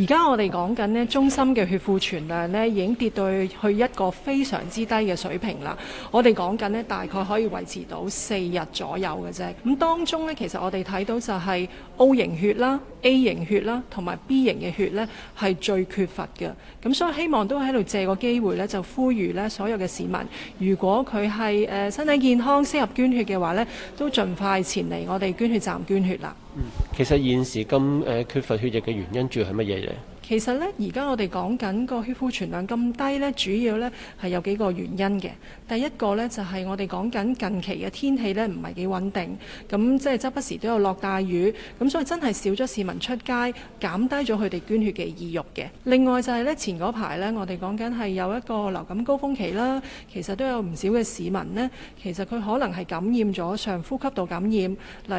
而家我哋講緊呢，中心嘅血庫存量呢已經跌到去一個非常之低嘅水平啦。我哋講緊呢，大概可以維持到四日左右嘅啫。咁當中呢，其實我哋睇到就係 O 型血啦、A 型血啦，同埋 B 型嘅血呢係最缺乏嘅。咁所以希望都喺度借個機會呢，就呼籲呢所有嘅市民，如果佢係誒身體健康適合捐血嘅話呢，都盡快前嚟我哋捐血站捐血啦。其實現時咁誒缺乏血液嘅原因是什麼呢，主要係乜嘢咧？其實呢，而家我哋講緊個血庫存量咁低呢，主要呢係有幾個原因嘅。第一個呢就係我哋講緊近期嘅天氣呢唔係幾穩定，咁即係周不時都有落大雨，咁所以真係少咗市民出街，減低咗佢哋捐血嘅意欲嘅。另外就係呢前嗰排呢，我哋講緊係有一個流感高峯期啦，其實都有唔少嘅市民呢，其實佢可能係感染咗上呼吸道感染，例如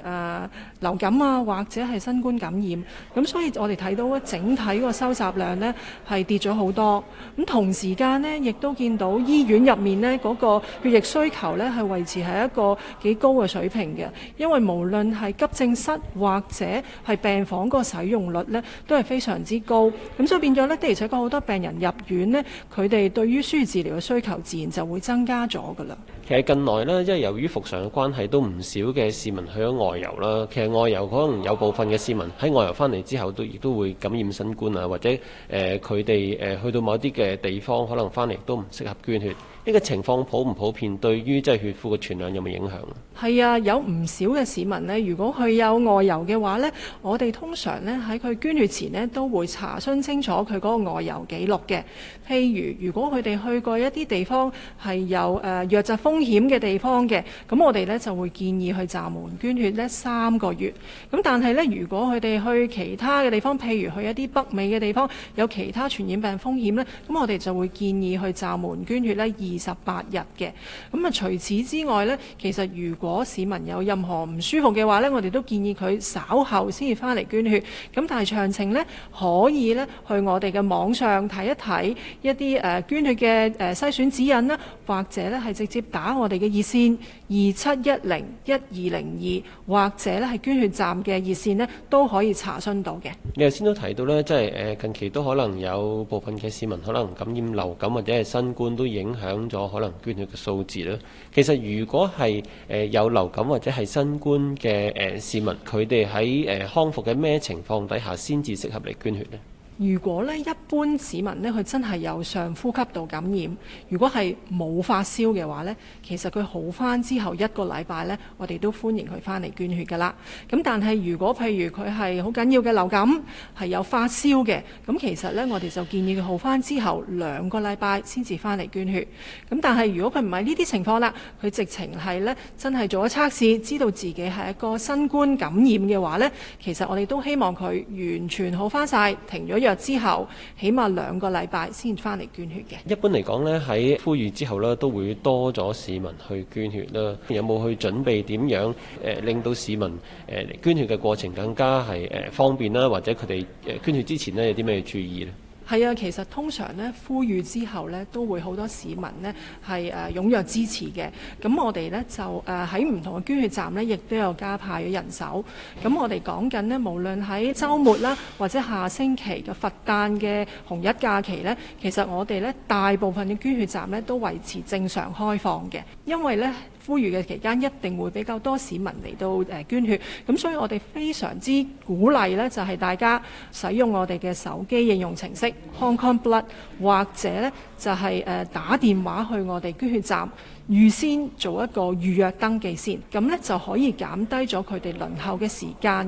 誒流感啊，或者係新冠感染，咁所以我哋睇到一整。睇個收集量呢係跌咗好多，咁同時間呢亦都見到醫院入面呢嗰個血液需求呢係維持喺一個幾高嘅水平嘅，因為無論係急症室或者係病房嗰個使用率呢都係非常之高，咁所以變咗呢的而且確好多病人入院呢，佢哋對於輸治療嘅需求自然就會增加咗噶啦。其實近來呢，因為由於復常嘅關係，都唔少嘅市民去咗外遊啦。其實外遊可能有部分嘅市民喺外遊翻嚟之後，都亦都會感染新冠啊，或者誒佢哋誒去到某啲嘅地方，可能翻嚟都唔適合捐血。呢個情況普唔普遍？對於即係血庫嘅存量有冇影響？係啊，有唔少嘅市民咧。如果佢有外遊嘅話呢，我哋通常咧喺佢捐血前咧都會查詢清楚佢嗰個外遊記錄嘅。譬如如果佢哋去過一啲地方係有誒瘧疾風險嘅地方嘅，咁我哋咧就會建議去暫緩捐血呢三個月。咁但係呢，如果佢哋去其他嘅地方，譬如去一啲北美嘅地方有其他傳染病風險呢，咁我哋就會建議去暫緩捐血呢。二。二十八日嘅，咁啊除此之外咧，其實如果市民有任何唔舒服嘅話咧，我哋都建議佢稍後先至翻嚟捐血。咁但係詳情咧，可以咧去我哋嘅網上睇一睇一啲誒捐血嘅誒篩選指引啦，或者咧係直接打我哋嘅熱線二七一零一二零二，或者咧係捐血站嘅熱線咧都可以查詢到嘅。你頭先都提到咧，即係誒近期都可能有部分嘅市民可能感染流感或者係新冠都影響。咗可能捐血嘅數字啦。其實，如果係誒有流感或者係新冠嘅誒市民，佢哋喺誒康復嘅咩情況底下先至適合嚟捐血咧？如果呢一般市民呢，佢真係有上呼吸道感染，如果係冇發燒嘅話呢，其實佢好翻之後一個禮拜呢，我哋都歡迎佢返嚟捐血噶啦。咁但係如果譬如佢係好緊要嘅流感，係有發燒嘅，咁其實呢，我哋就建議佢好翻之後兩個禮拜先至返嚟捐血。咁但係如果佢唔係呢啲情況啦，佢直情係呢，真係做咗測試，知道自己係一個新冠感染嘅話呢，其實我哋都希望佢完全好翻晒，停咗。之後起碼兩個禮拜先翻嚟捐血嘅。一般嚟講呢，喺呼籲之後呢，都會多咗市民去捐血啦。有冇去準備點樣誒令到市民誒捐血嘅過程更加係誒方便啦？或者佢哋誒捐血之前呢，有啲咩注意呢？係啊，其實通常咧，呼籲之後咧，都會好多市民呢係誒、啊、踴躍支持嘅。咁我哋咧就誒喺唔同嘅捐血站咧，亦都有加派咗人手。咁我哋講緊呢，無論喺周末啦，或者下星期嘅佛誕嘅紅日假期咧，其實我哋咧大部分嘅捐血站咧都維持正常開放嘅，因為咧。呼籲嘅期間一定會比較多市民嚟到捐血，咁所以我哋非常之鼓勵呢，就係大家使用我哋嘅手機應用程式 Hong Kong Blood，或者呢就係呃打電話去我哋捐血站預先做一個預約登記先，咁呢就可以減低咗佢哋輪候嘅時間。